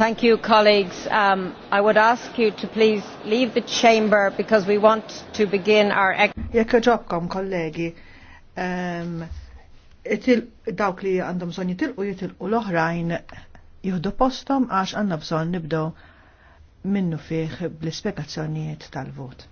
Thank you, colleagues. Um, I would ask you to please leave the chamber because we want to begin our... Jekk ġobkom, kollegi, um, dawk li għandhom bżonn jitilqu jitilqu l-oħrajn jihdu postom għax għandna bżonn nibdew minnu fih bl-ispjegazzjonijiet tal-vot.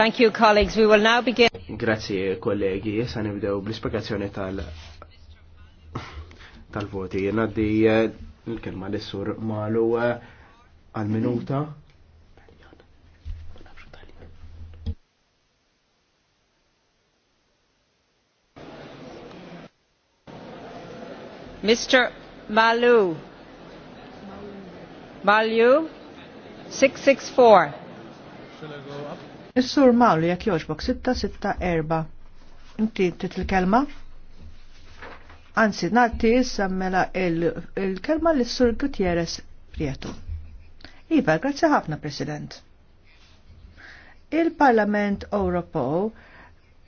Thank you, colleagues. We will now begin. Grazie, kollegi. Issa nibdew bl-ispiegazzjoni tal- tal-voti. Naddi eh, l-kelma l-sur malu eh, għal-minuta. Mr. Malu. Malu. 664. Shall I go up? Is-sur Mawli jekk jogħġbok 664. Inti tit il-kelma? Anzi, natti jissammela il lis-sur Gutierrez Prieto. Iva, grazie ħafna, President. Il-Parlament Ewropew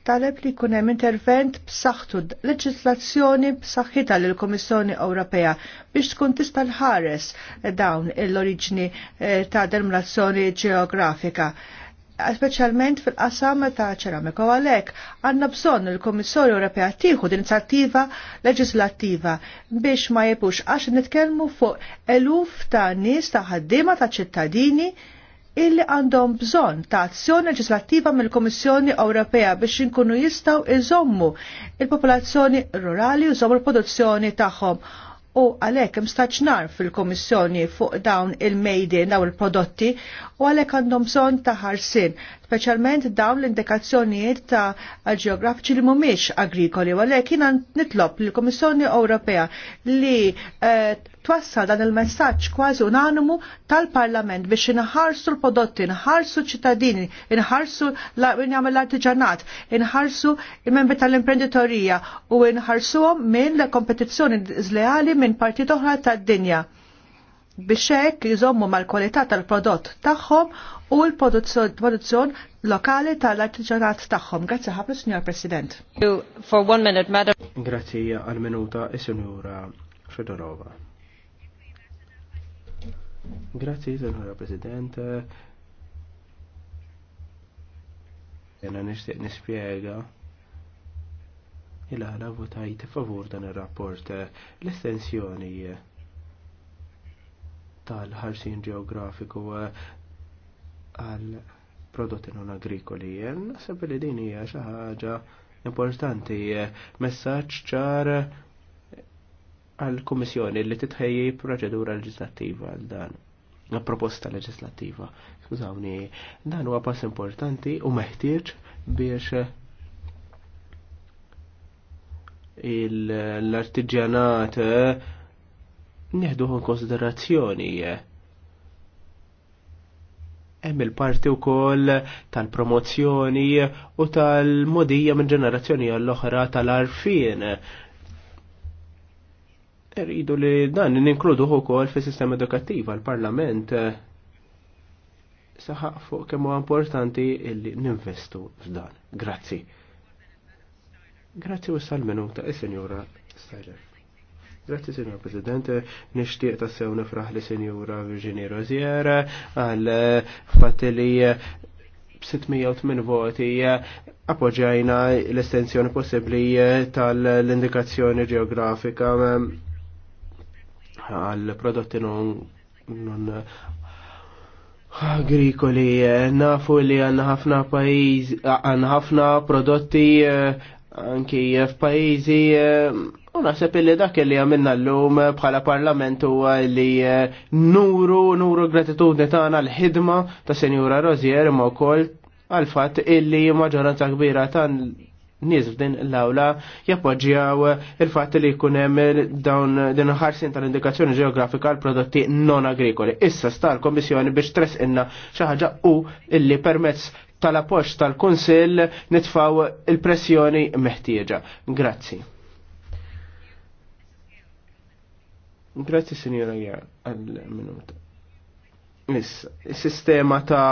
taleb li jkun hemm intervent b'saħħtu leġislazzjoni b'saħħita lill komissjoni Ewropea biex tkun tista' ħares dawn l-oriġini eh, ta' demarkazzjoni ġeografika specialment fil-qasam ta' ċeramika u għalek għanna bżonn il-Komissarju Ewropea tieħu inizjattiva leġislattiva biex ma jepux għax nitkellmu fuq eluf ta' nies ta' ħaddiema ta' ċittadini illi għandhom bżonn ta' azzjoni leġislattiva mill-Komissjoni Ewropea biex inkunu jistgħu iżommu il-popolazzjoni rurali u l-produzzjoni tagħhom u għalek mstaċnar fil-Komissjoni fuq dawn il-mejdin daw il-prodotti u għalek għandhom bżon ta' ħarsin, specialment dawn l-indikazzjonijiet ta' ġeografiċi li mumiex agrikoli, u għalek jina nitlob l-Komissjoni Ewropea li eh, twassal dan il-messaġġ kważi unanimu tal-Parlament biex inħarsu l-prodotti, inħarsu ċittadini, inħarsu jagħmel l-artiġanat, inħarsu il-membri tal-imprenditorija u inħarsuhom minn kompetizzjoni żleali minn partit oħra tad-dinja biex hekk jżommu mal-kwalità tal-prodott tagħhom u l-produzzjon lokali tal-artiġanat tagħhom. Grazzi ħafna, Signor President. For one minute, Madam. Grazzi għal-minuta, Signora Fedorova. Grazzi, Signora President. Jena nishtiq nispiega il-għala votajt favur dan il-rapport l-estensjoni tal-ħarsin ġeografiku għal prodotti non agrikoli. Nasab li din hija xi ħaġa importanti, messaġġ ċar għal-Komissjoni li titħejji proċedura leġislattiva għal dan proposta leġislattiva. Skużawni, dan huwa pass importanti u meħtieġ biex l-artiġjanat eh, nieħduħu konsiderazzjoni eh. hemm il-parti wkoll tal-promozzjoni u tal-modija minn ġenerazzjoni għall-oħra tal-arfin Rridu li dan ninkludu kol fis sistema edukattiva l-Parlament eh, saħaq fuq kemm huwa importanti illi ninvestu f'dan. Grazzi. Grazzi u sal-minuta, il eh, sinjura Stajler. Grazzi, Sinjura President, nixtieq sew nifraħ li Sinjura Virginie Rozier għal eh, fatti li 608 voti appoġġajna l-estensjoni possibbli tal-indikazzjoni geografika għal prodotti non agrikoli. Nafu li għanna ħafna pajjiżi, għanna ħafna prodotti eh, anki f'pajizi eh, u naħseb li dak li għamilna l-lum bħala parlament huwa li eh, nuru, nuru gratitudni tagħna l-ħidma ta' Senjura Rozier ma' wkoll għal fatt illi maġoranza kbira tan nies f'din l-awla jappoġġjaw il-fatt li jkun hemm dawn din ħarsin tal-indikazzjoni ġeografika għal prodotti non agrikoli. Issa sta l-Kommissjoni biex tress inna xi ħaġa u illi permezz tal-appoġġ tal-Kunsill nitfaw il-pressjoni meħtieġa. Grazzi. Grazzi Sinjora għal minuta. Issa, is-sistema ta'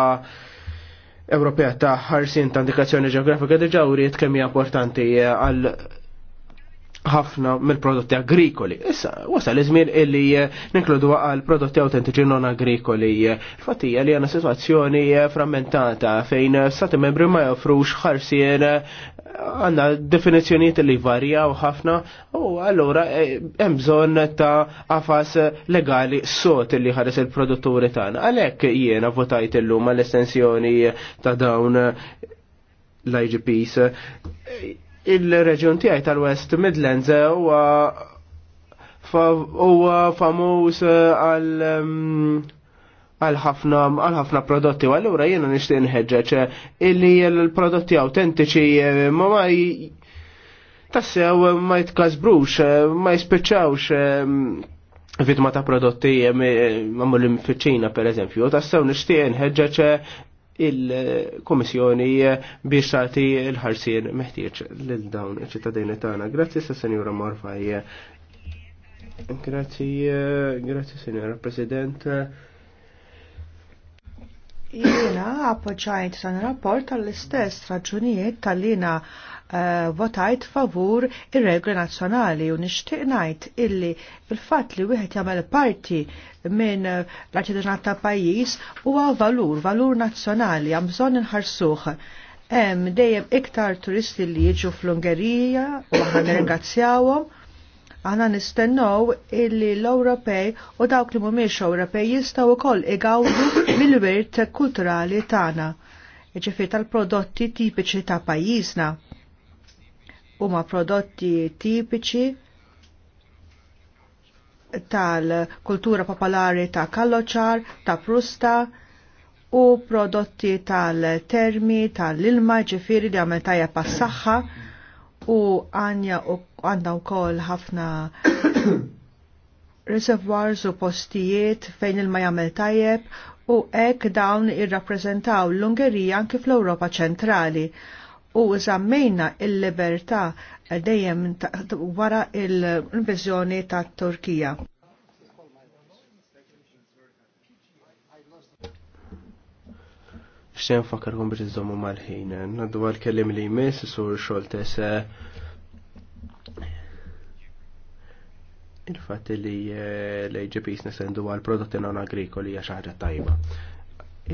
Ewropea ta' ħarsin ta' indikazzjoni ġeografika diġa u kemm hija importanti għal ħafna mill-prodotti agrikoli. Issa, wasal iż-żmien illi ninkludu għal prodotti autentiċi non agrikoli. Fatija li għana sitwazzjoni frammentata fejn stati membri ma jofrux ħarsien għanna definizjoniet li u ħafna u għallura eh, hemm bżonn ta' għafas legali sot li ħares il-produtturi tagħna. Għalhekk jiena votajt illum l estensjoni ta' dawn l-IGPs. Il-reġjun tiegħi tal-West Midlands huwa famuż għal mm, għal-ħafna għal-ħafna prodotti u allura jiena nixtieq inħeġġeġ eh, illi l-prodotti autentiċi eh, ma ma tassew ma jitkazbrux, eh, ma jispiċċawx vitma ta' prodotti mamullim fiċċina per eżempju, tassew nixtieq nħeġġeġ il-Komissjoni biex tagħti l-ħarsien meħtieġ lil dawn iċ-ċittadini tagħna. Grazzi sa' Senjura Morfaj. Grazzi, grazzi Senjura President. Jiena appoċajt dan ir-rapport tal-istess raġunijiet tal-lina eh, votajt favur ir regli nazzjonali u nixtieq ngħid illi il-fatt li wieħed jagħmel parti minn l-artiġanat ta' pajjiż huwa valur, valur nazzjonali hemm bżonn inħarsuh. Hemm dejjem iktar turisti li jiġu fl-Ungerija u aħna Aħna nistennow illi l-Ewropej u dawk li mhumiex Ewropej jistgħu wkoll igawdu mill-wirt kulturali tagħna, Ġifi tal-prodotti tipiċi ta' pajjiżna. Huma prodotti tipiċi tal-kultura popolari ta' kalloċar, ta' prusta u prodotti tal-termi, tal-ilma, ġifiri li tajjeb pas-saħħa u għanja u għanda wkoll ħafna reservoirs u postijiet fejn il-ma jagħmel tajjeb u hekk dawn irrappreżentaw l-Ungerija anki fl-Ewropa ċentrali u żammejna il-libertà dejjem wara il-viżjoni tat-Turkija. xejn fakarkom biex iżommu mal-ħin. Naddu għal-kellim li jmiss, sur tese. il-fat li eh, l-AGPs nesendu għal-prodotti non agrikoli għax ħaġa tajba.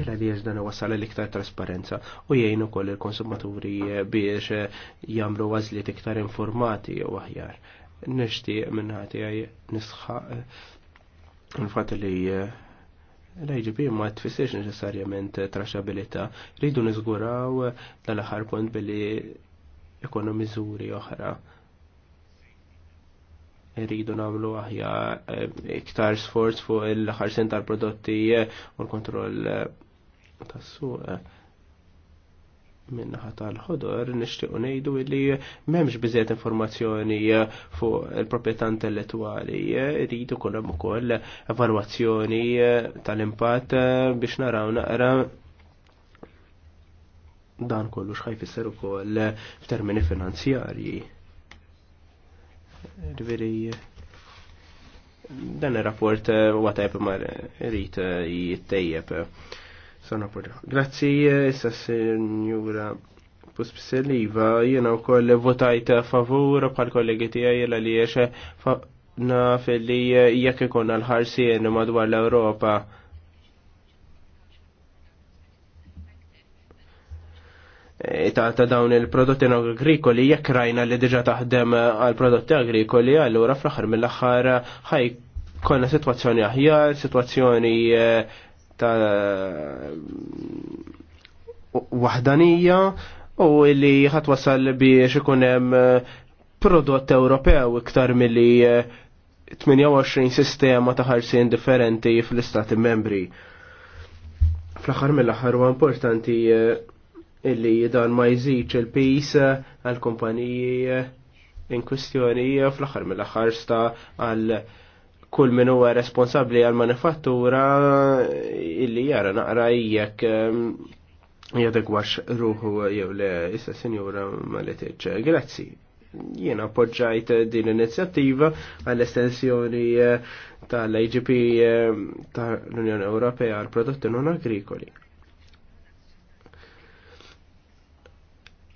Ila li dan wassal l-iktar trasparenza u jgħinu koll il-konsumaturi biex jamlu għazliet iktar informati u aħjar. Nishtiq minnħati għaj nisħa il-fat li l-IGP ma tfissirx neċessarjament traċabilità. Ridu niżguraw tal-aħħar kont billi ekonomizuri oħra. Ridu nagħmlu aħja eh, iktar sforz fuq l-aħħar sen tal-prodotti u l-kontroll tas-suq minnaħa tal-ħodor nixtiequ ngħidu li m'hemmx biżejjed informazzjoni fuq il-proprjetà intellettwali, rridu kun hemm ukoll evalwazzjoni tal-impatt biex naraw naqra dan kollu xħajfisser ukoll f'termini finanzjarji. Riveri dan ir-rapport huwa tajb ma rrid jittejjeb. Sana poġa. Grazzi, eh, issa signora Puspseliva, jena u koll votajt favur bħal kollegi tijaj jela li jiexe naf li eh, jekk ikun l-ħarsien madwar l-Europa e, ta', ta dawn il-prodotti agrikoli jekk rajna li diġa taħdem għal prodotti agrikoli allura fl-aħħar mill-aħħar ħaj konna situazzjoni aħjar, situazzjoni eh, ta' wahdanija u li ħat wasal biex ikun hemm eh, prodott Ewropew iktar milli 28 eh, sistema ta' ħarsin differenti fl-istati membri. Fl-aħħar mill-aħħar huwa importanti eh, illi dan ma jżidx il-pis għal kumpaniji in kwistjoni fl-aħħar mill-aħħar sta għal kull min huwa responsabbli għal manifattura illi jara naqra jekk ehm, wax ruħu jew le issa sinjura maletiċ. Grazzi. Jiena appoġġajt din l-inizjattiva għall-estensjoni eh, tal-IGP eh, tal-Unjoni Ewropea għal prodotti non agrikoli.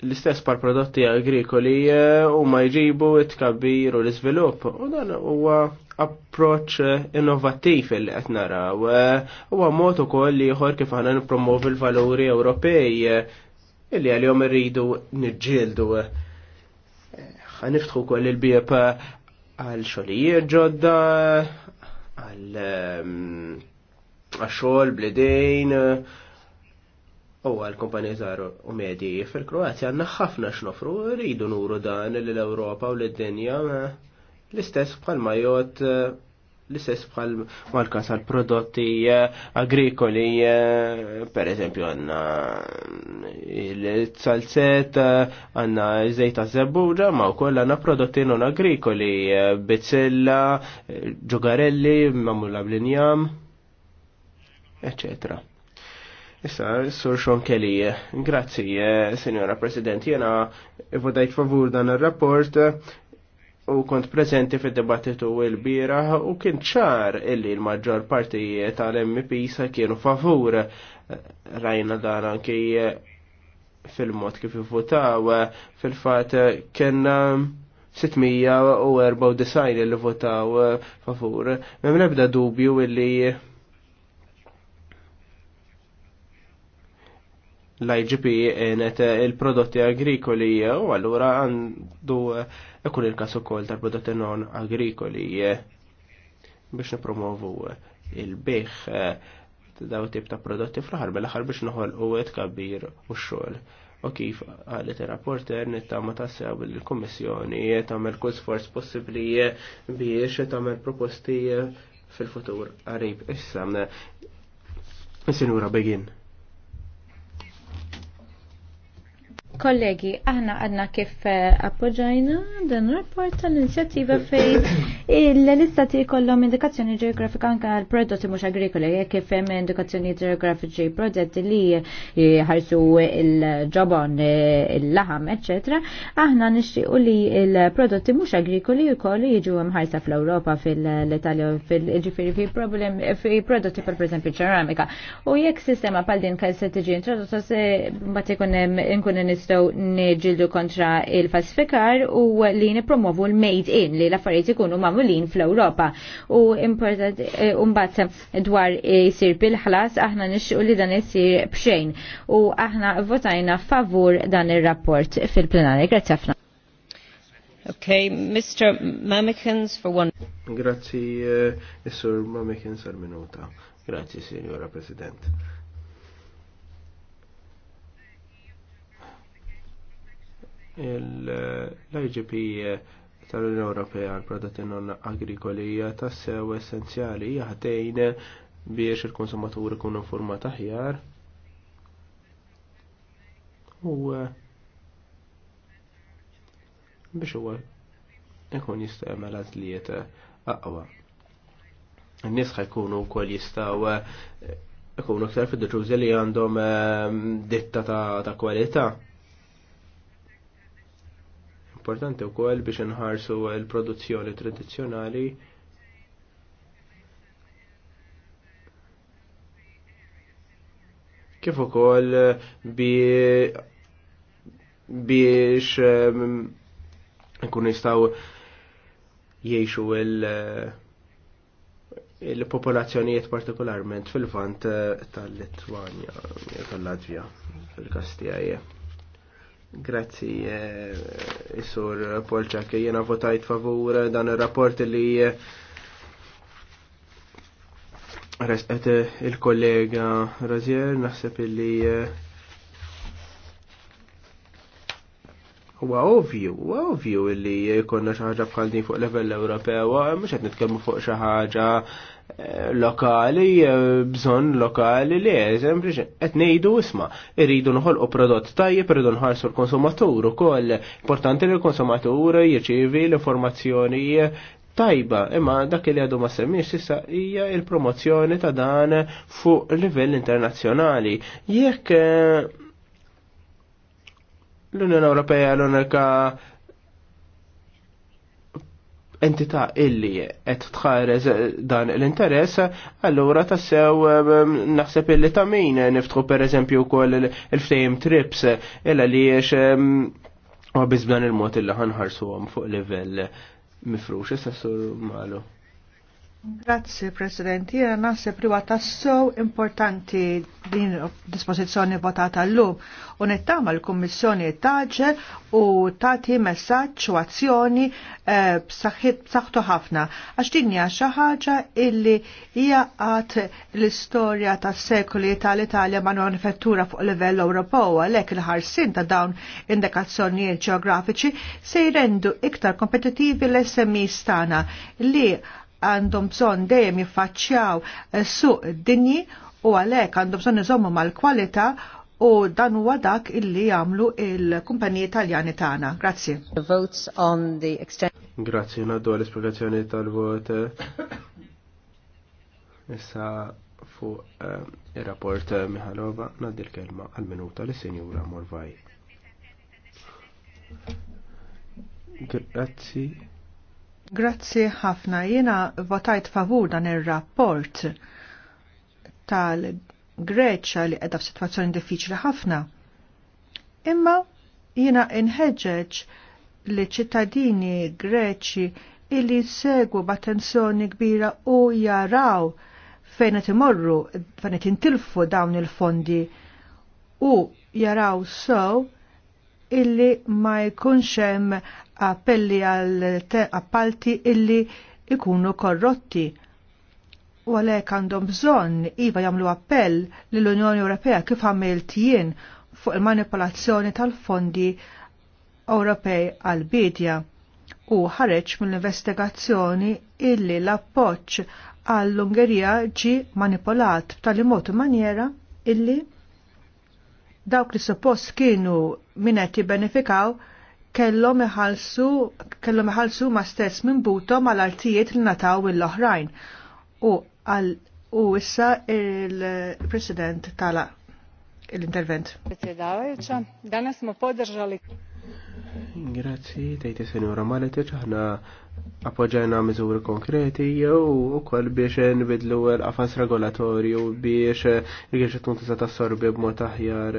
l-istess par prodotti agrikoli eh, u ma jġibu it-kabbir u l-izvilupp. U dan huwa approach eh, innovattiv li qed naraw. Eh, huwa mod ukoll li ieħor kif aħna nippromovi l-valuri Ewropej eh, illi għalihom irridu niġġieldu. Ħaniftħu wkoll il-bieb għal xogħlijiet ġodda, għal għaxol, bledejn, u għal kompanija żgħar u medji fil-Kroazja għandna ħafna x'nofru, rridu nuru dan l ewropa u l-dinja. L-istess bħalma jgħot l-istess bħal mal-kas eh, għal prodotti eh, agrikoli, eh, per eżempju għanna il-salzet, għanna zejta zebbura, ma u koll għanna prodotti non agrikoli, bizzilla, ġugarelli, mamulla blinjam, eccetera. Issa, Sur Sean Kelly, grazie, Signora President, jena vodajt favur dan il-rapport u kont prezenti fid dibattitu il-bira u kien ċar illi l-maġġor partijiet tal-MP sa kienu favur rajna dan anki fil-mod kif votaw fil-fat kien 694 um, li votaw favur. Mem nebda dubju illi l-IGP jenet il-prodotti agrikoli u allura għandu ikun il-kas ukoll tal-prodotti non agrikoli biex nipromovu il-bieħ daw tip ta' prodotti fl-ħar l aħħar biex noħol u kabir u x-xogħol. U kif għalet ta' rapporter nittama ta' sew il-Kommissjoni tagħmel kull sforz possibbli biex tagħmel proposti fil-futur għarib. Issa, Sinura Begin. Kollegi, aħna għadna kif eh, appoġġajna dan rapport tal-inizjattiva fej l-istati kollom indikazzjoni ġeografika anke għal prodotti mhux agrikoli jekk kif hemm indikazzjoni ġeografiċi prodotti li jħarsu il-ġobon, il-laħam, eċetera, aħna nixtiequ li l-prodotti mhux agrikoli jkollu jiġu mħarsa fl-Ewropa fil-Italja fil ġifiri fi prodotti per preżempju ċeramika. U jekk sistema pal din kal se tiġi introdotta se ma ikun inkun nistaw neġildu kontra il-falsifikar u li nippromovu l-made in li l-affarijiet ikunu magħmulin fl-Ewropa. U important e, mbagħad dwar jisir bil-ħlas aħna nixqu li dan jisir bxejn u aħna votajna favur dan ir-rapport fil-plenari. Grazzi ħafna. Okay, Mr. Mamikins for one. Grazzi, uh, Sir Mamikins għal minuta. Grazzi, Signora President. l-IGP tal-Unjoni Ewropea għal-prodotti non agrikoli tassew essenzjali jaħdejn biex il-konsumaturi kun informat aħjar. U biex huwa ikun jista' jagħmel għażliet aqwa. N-nies ħajkunu wkoll jistgħu ikunu aktar fiduċjużi li għandhom eh, ditta ta' kwalità. Importanti wkoll biex inħarsu l-produzzjoni tradizzjonali kif ukoll biex ehm, nkun jistgħu jgħixu eh, il-popolazzjonijiet partikolarment fil-vant eh, tal-Litwanja, eh, tal-Latvja, fil-Kastijaje. Grazzi, eh, Isur Polċak, jena votajt favur dan il-rapport li eh, resqet eh, il-kollega Razier, naħseb li huwa ovvju, huwa ovvju li jkollna xi ħaġa bħal din fuq level Ewropew, mhux qed nitkellmu fuq xi ħaġa lokali, eh, bżon lokali li, eżempli, qed ngħidu isma, irridu nħolqu prodott tajjeb, irridu nħarsu l-konsumatur ukoll. Importanti li l-konsumatur jirċievi l-informazzjoni tajba, imma dak li għadu ma semmix issa hija il-promozzjoni ta' dan fuq livell internazzjonali. Jekk eh, l-Unjoni Ewropea l-unika entità illi qed tħares dan l-interess, allura tassew ehm, naħseb illi ta' min niftħu per eżempju wkoll il-flame trips illa li ehm, u bizbdan il-mod illi ħanħarsuhom fuq livell mifrux, issa sur malu. Grazzi, President. Jena nasib li għata so importanti din dispozizjoni votata l-lum. Unittama l-Kommissjoni taġel u tati messaċ u azzjoni eh, b'saħħtu ħafna. Għax din hija xi ħaġa illi hija għad l-istorja tas-sekoli tal-Italja ma' manifettura fuq livell Ewropew għalhekk il-ħarsin ta' dawn indikazzjonijiet ġeografiċi se jrendu iktar kompetittivi l-SMI stana li għandhom bżonn dejjem jiffaċċjaw eh, suq dinji u għalhekk għandhom bżonn iżommu mal-kwalità u dan huwa dak illi jagħmlu il-kumpaniji Taljani tagħna. Grazzi. Grazzi, ngħaddu għall-esplikazzjoni tal-vot. Issa fuq eh, ir-rapport eh, Miħalova ngħaddi l-kelma għal-minuta lis-Sinjura Morvaj. Grazzi. Grazzi ħafna. Jiena votajt favur dan ir-rapport tal-Greċa li qiegħda f'sitwazzjoni diffiċli ħafna. Imma jiena inħeġġeġ li ċittadini Greċi illi segwu b'attenzjoni kbira u jaraw fejn qed imorru, fejn qed intilfu dawn il-fondi u jaraw sew illi ma jkunx hemm appelli għal appalti illi ikunu korrotti u għalek għandhom bżonn iva jagħmlu appell lill unjoni Ewropea kif għamilt jien fuq il-manipolazzjoni tal-fondi Ewropej għal-bidja u ħareġ mill-investigazzjoni illi l-appoċ għall-Ungerija ġi manipolat b'tali mod manjera illi dawk li suppost kienu minnet jibbenefikaw benefikaw kellhom iħallsu kellhom iħallsu ma stess minn butom għal artijiet li nataw il oħrajn U għal u issa il-President tala l-intervent. Predsjedavajuća, danas Grazzi, tejti senjora Maletic, ħna appoġġajna miżuri konkreti jew ukoll biex nbidlu l-qafas regolatorju biex il-għiex tkun tista' tassorbi b'mod aħjar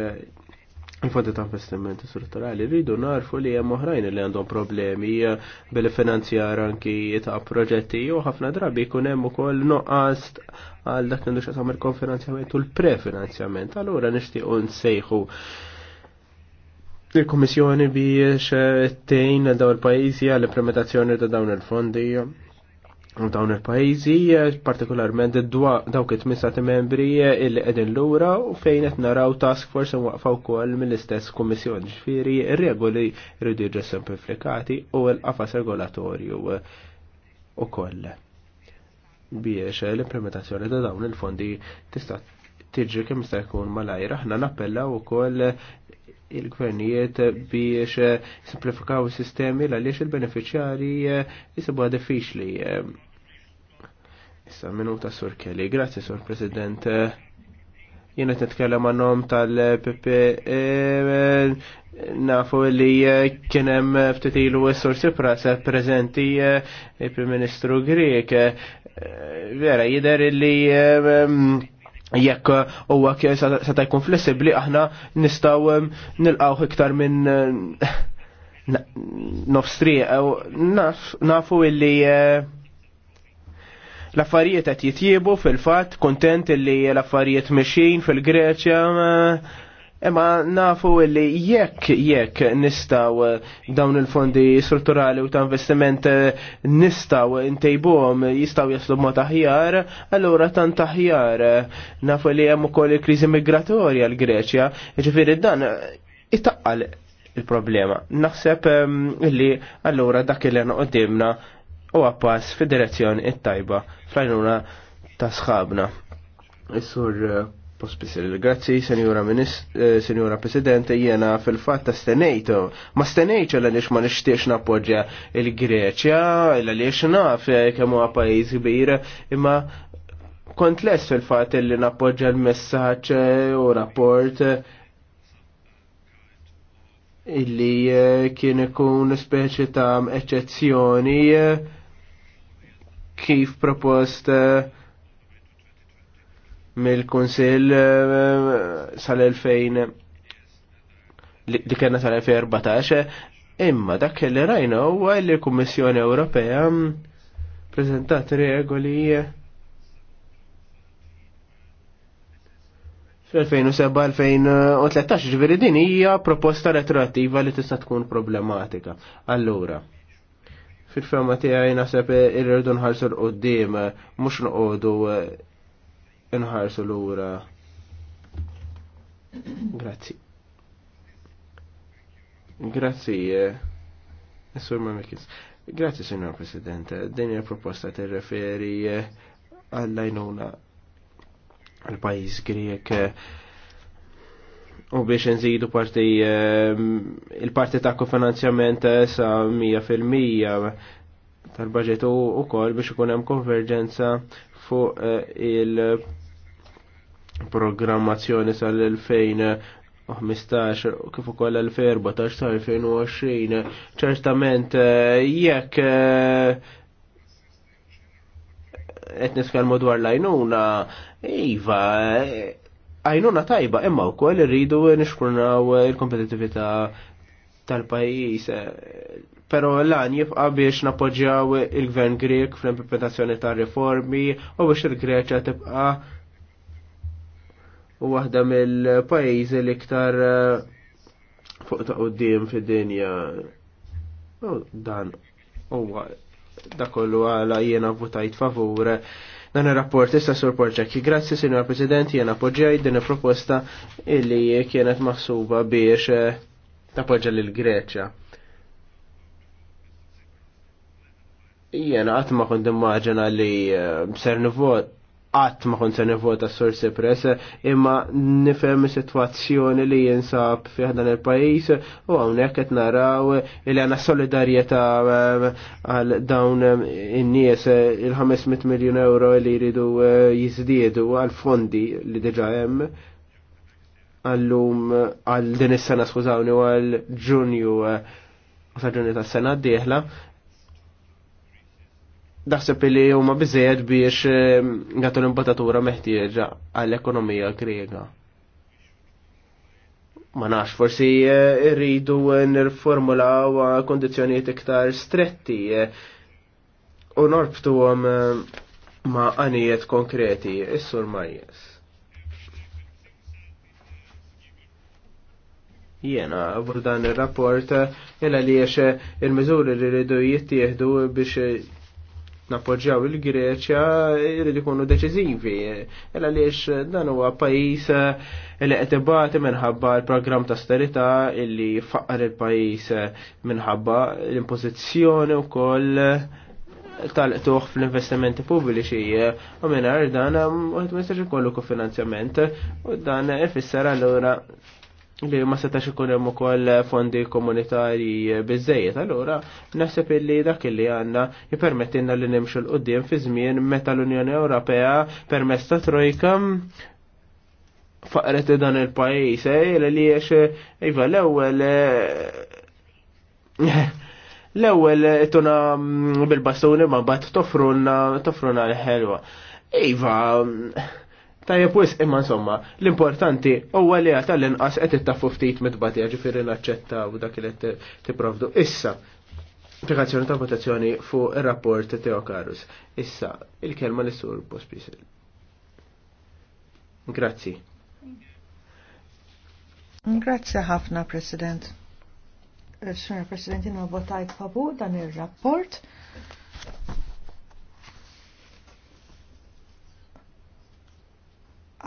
Infatti ta' investimenti strutturali rridu narfu li hemm oħrajn li għandhom problemi eh, bil-finanzjar anki ta' proġetti u ħafna drabi jkun hemm ukoll noqqas għal dak li xasam il-konfinanzjament u l-prefinanzjament. Allura nixtiequ nsejħu il-Kummissjoni biex tejn dawn il-pajjiżi għall-implementazzjoni ta' dawn il-fondi dawn il-pajizi, eh, partikolarment dawk it-tmisa membri eh, illi qegħdin lura u fejn qed naraw task force waqfa wkoll mill-istess kummissjoni ġifieri ir-regoli jridu jiġu simplifikati u l-qafas regolatorju eh, ukoll biex l-implementazzjoni ta' dawn il-fondi tista' tiġi kemm jista' jkun malajr. Aħna nappellaw ukoll il-gvernijiet biex simplifikaw is-sistemi għaliex il-beneficjari jisibuha diffiċli Issa minuta Sur Kelly. Grazie Sur President. Jiena titkellem għannom tal pp e, nafu li kienem ftitilu s-sur e se prezenti e, il-Prim Ministru Grek. Vera, jider li jekk huwa ta' jkun flessibbli aħna nistgħu nilqgħu iktar minn nofstri nafu illi L-affarijiet qed jitjiebu fil-fatt, kontent illi l-affarijiet mexin fil-Greċja, imma nafu li jekk jekk nistaw dawn il-fondi strutturali u ta' investiment nistaw ntejbuhom jistaw jaslu ma' taħjar, allura tan taħjar nafu li hemm ukoll il-kriżi migratorja l-Greċja, ġifieri dan itaqqal il-problema. Naħseb li allura dak il-lena qoddimna u għappas fid-direzzjoni it-tajba fl-għajnuna ta' sħabna. Is-sur eh, Pospisil, grazzi, senjora, eh, senjora Presidente, jena fil-fat ta' stenejtu. Ma stenejtu l għaliex ma nishtiex napoġġa il-Greċja, l għalix naf eh, kemmu għapajiz kbir, imma kont les fil-fat li napoġġa l-messagġ u rapport illi kien ikun speċi ta' eccezzjoni kif propost mill-Kunsill eh, sal-2000 li kena sal-2014 imma dak li rajna huwa li l-Kummissjoni Ewropea prezentat regoli fl-2007-2013 ġveri din hija proposta retroattiva li tista' tkun problematika. Allura, fil-fema tiegħi naħseb irridu nħarsu l-qoddim, mhux noqogħdu eh, nħarsu lura. Grazzi. Grazzi. Eh, Sur Mamikis. Grazzi, Signor President. Din il proposta tirreferi eh, għall-għajnuna għal-pajjiż Griek u biex nżidu parti ehm, il-parti ta' kofinanzjament eh, sa 100% tal-budget u kol biex ikun hemm konverġenza fuq eh, il-programmazzjoni sal-2015 kif ukoll 2014 sa 2020 ċertament eh, jekk qed nitkellmu dwar lajnuna iva għajnuna tajba imma u koll irridu u il-kompetitivita tal-pajis. Pero l-għan jibqa biex napoġġaw il-gvern Grek fl-implementazzjoni ta' riformi u biex il-Greċa tibqa u waħda mill pajis l-iktar eh, fuq ta' uddim fid-dinja. Dan, u da kollu għala jena votajt favur dan ir-rapport issa sur Porġekki. Grazzi, Sinjor President, jien appoġġjaj din il-proposta illi kienet maħsuba biex eh, tappoġġa l Greċja. Jena għatma kont immaġina li eh, ser nivot qatt ma kont se nivvota s-sorsi press, imma nifhem is-sitwazzjoni li jinsab fi dan il-pajjiż u hawnhekk qed naraw li għandna solidarjetà eh, għal dawn eh, in-nies il-500 miljun euro li jridu eh, jiżdiedu għal fondi li diġà hemm għallum għal din is-sena skużawni għal Ġunju għal ġunju tas-sena d-dieħla daħseb li huma biżejjed biex jagħtu ehm, l-imbatatura meħtieġa għall-ekonomija Griega. Ma nafx, forsi eh, rridu nirformulaw kondizzjonijiet iktar stretti eh, u norbtu eh, ma' għanijiet konkreti, is-sur majjes. Jena, dan ir rapport jela li il-mizuri li rridu jittieħdu biex nappoġġjaw il-Greċja jrid ikunu deċiżivi. Ela għaliex dan huwa pajjiż eh, li qed ibati minħabba l-programm ta' sterità illi faqqar il-pajjiż eh, minħabba l-impożizzjoni wkoll eh, tal-tuħ fl-investimenti pubbliċi u mingħajr dan għed ma jistax kofinanzjament u dan ifisser allura li ma setax ikun hemm ukoll fondi komunitarji biżejjed. Allura naħseb illi dak illi għandna jippermettilna li nimxu l qudiem fi żmien meta l-Unjoni Ewropea permezz ta' trojka faqret dan il-pajjiż eh, li jiex iva l-ewwel eh, l-ewwel tuna bil-bastuni ma bat tofruna tofruna l-ħelwa. Iva, Tajjeb wis imma insomma, l-importanti huwa li għata l-inqas qed ittaffu ftit mitbatija ġifieri naċċettaw dak li qed tipprovdu. Issa, applikazzjoni ta' votazzjoni fuq ir-rapport Teo Karus. Issa, il-kelma li sur Pospisil. Grazzi. Grazzi ħafna, President. Eh, Sr. President, jina votajt fabu dan il-rapport.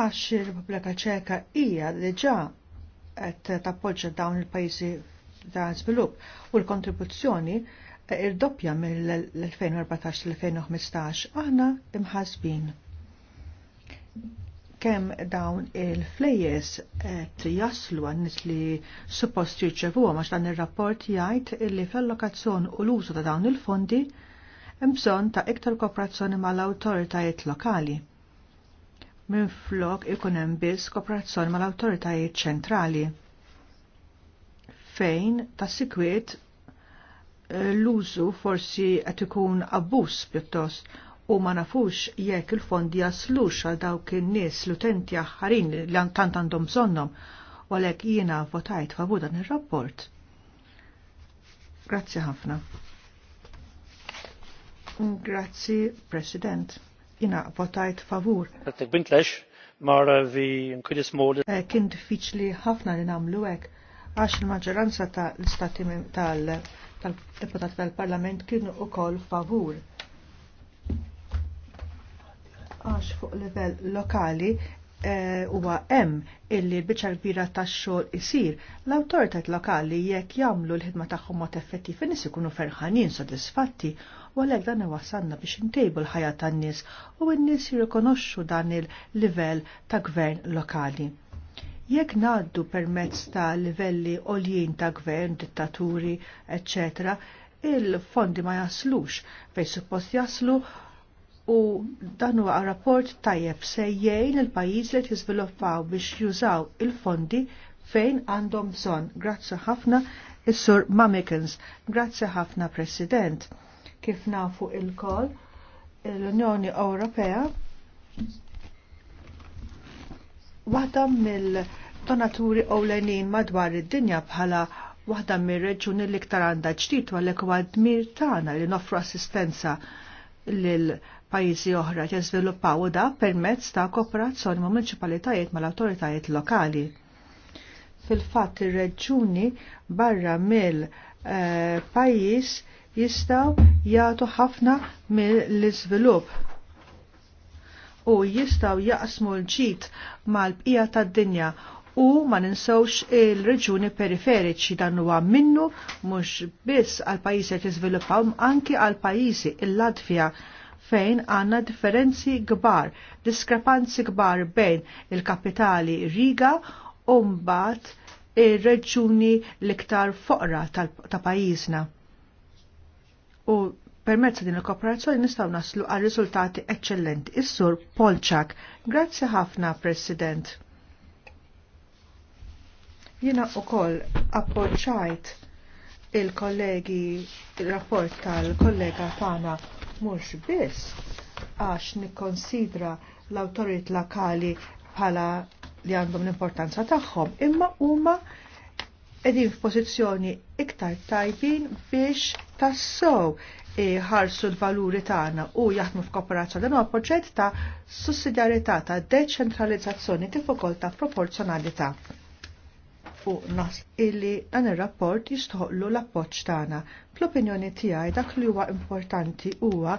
għax il-Repubblika Ċeka hija diġà qed tappoġġa dawn il-pajjiżi ta' żvilupp u l-kontribuzzjoni doppja mill-2014 l-2015 aħna imħasbin. Kemm dawn il-flejjes qed jaslu għan-nies li suppost jirċevuhom għax dan ir-rapport jgħid li fl-allokazzjon u l-użu ta' dawn il-fondi hemm bżonn ta' iktar kooperazzjoni mal-awtoritajiet lokali minn flok ikun hemm biss kooperazzjoni mal-awtoritajiet ċentrali fejn ta' sikwiet eh, l-użu forsi qed ikun abbuż pjuttost u ma nafux jekk il-fondi jaslux għal dawk in-nies l-utenti aħħarin li tant għandhom bżonnhom u għalhekk jiena votajt favur dan ir-rapport. Grazzi ħafna. Grazzi, President jina votajt favur. Eh, eh, kien fiċli ħafna li namlu hekk għax il-maġġoranza tal-istati tal-deputati tal-Parlament kienu ukoll favur. Għax fuq livell lokali eh, huwa hemm illi l-biċċa kbira tax-xogħol isir, l-awtoritajiet lokali jekk jagħmlu l-ħidma tagħhom mod effettiv in-nies ikunu ferħanin sodisfatti u għalhekk dan wasanna biex intejbu l-ħajja tan-nies u n-nies jirrikonoxxu dan il-livell ta' gvern lokali. Jekk ngħaddu permezz ta' livelli oljin ta' gvern, dittaturi, etc., il-fondi ma jaslux fejn suppost jaslu u dan huwa rapport tajjeb se jgħin il-pajjiż li jiżviluppaw biex jużaw il-fondi fejn għandhom bżonn. Grazzi ħafna is-Sur Mamikens. Grazzi ħafna President. Kif nafu il-kol, l-Unjoni Ewropea waħda mill-donaturi ewlenin madwar id-dinja bħala waħda mir-reġuni l-iktar għandha ġdid għalhekk huwa dmir tagħna li noffru assistenza lil pajjiżi oħra jeżviluppaw da permezz ta' kooperazzjoni ma' muniċipalitajiet mal-awtoritajiet lokali. Fil-fatt ir-reġuni barra mill eh, pajjiż jistaw jagħtu ħafna mill-iżvilupp u jistaw jaqsmu l-ġit mal-bqija tad-dinja u ma ninsawx il-reġuni periferiċi dan huwa minnu mhux biss għal pajjiż qed jiżviluppaw anki għal pajjiżi il latvija fejn għanna differenzi kbar, diskrepanzi kbar bejn il-kapitali Riga u mbagħad ir-reġuni l-iktar foqra ta' pajjiżna u permezz din il-kooperazzjoni nistgħu naslu għal riżultati eċċellenti. Is-sur Polċak, grazzi ħafna President. Jiena ukoll appoġġajt il-kollegi, il-rapport tal-kollega tagħna mhux biss għax nikkonsidra l-autorit lokali bħala li għandhom l-importanza tagħhom, imma huma edin f'pożizzjoni iktar tajbin biex tassow e, ħarsu l-valuri tagħna u jaħdmu f'kooperazzjoni dan huwa proġett ta' sussidjarjetà ta' deċentralizzazzjoni kif ukoll ta' proporzjonalità. U nas illi dan ir-rapport jistħollu l-appoġġ tagħna. Fl-opinjoni tiegħi dak li huwa importanti huwa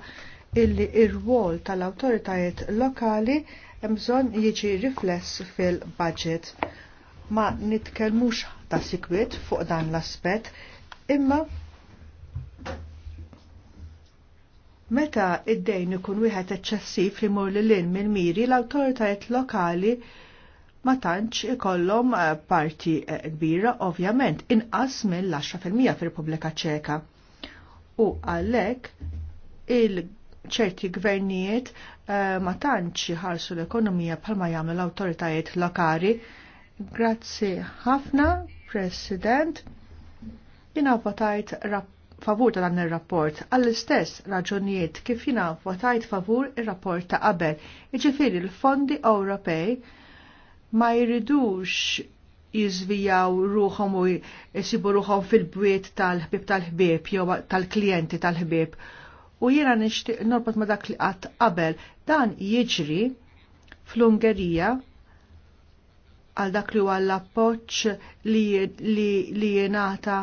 illi ir-rwol tal-awtoritajiet lokali hemm bżonn jiġi rifless fil-budget ma nitkellmux ta' sikwit fuq dan l-aspet, imma meta id-dejn ikun wieħed eċċessiv li mur lil mill-miri l-awtoritajiet lokali ma tantx ikollhom eh, parti eh, kbira ovvjament inqas mill-10% fil-Repubblika Ċeka. U għalhekk il ċerti gvernijiet eh, ma tantx ħarsu l-ekonomija bħalma jagħmlu l-awtoritajiet lokali Grazzi ħafna, President. Jina votajt favur ta' dan il-rapport għall-istess raġunijiet kif jina votajt favur il-rapport ta' qabel. Iġifiri l-fondi Ewropej ma jridux jizvijaw ruħom u jisibu ruħom fil-bwiet tal-ħbib tal-ħbib jew tal-klijenti tal-ħbib. U jiena nixtieq norbot ma dak li qatt qabel dan jiġri fl-Ungerija għal dak li huwa l-appoċ li jenata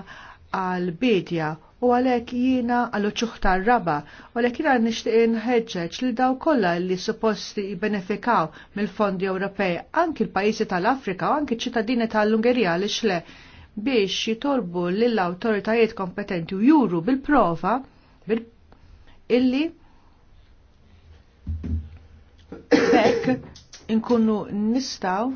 għal bidja u għalhekk jiena għal uċuħ raba u għalhekk jiena nixtieq inħeġġeġ li daw kollha li supposti jibbenefikaw mill-fondi Ewropej anki l-pajjiżi tal-Afrika u anki ċittadini tal-Ungerija li xle biex jitolbu lill awtoritajiet kompetenti u juru bil-prova bil illi bekk inkunu nistaw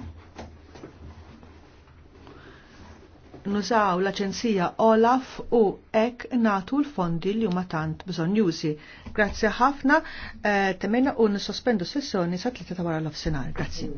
nużaw l-Aġenzija Olaf u ek natu l-fondi li huma tant bżonjużi. Grazzi ħafna, eh, temena u nisospendu sessjoni sa' tlieta ta' wara l-ofsinhar. Grazzi.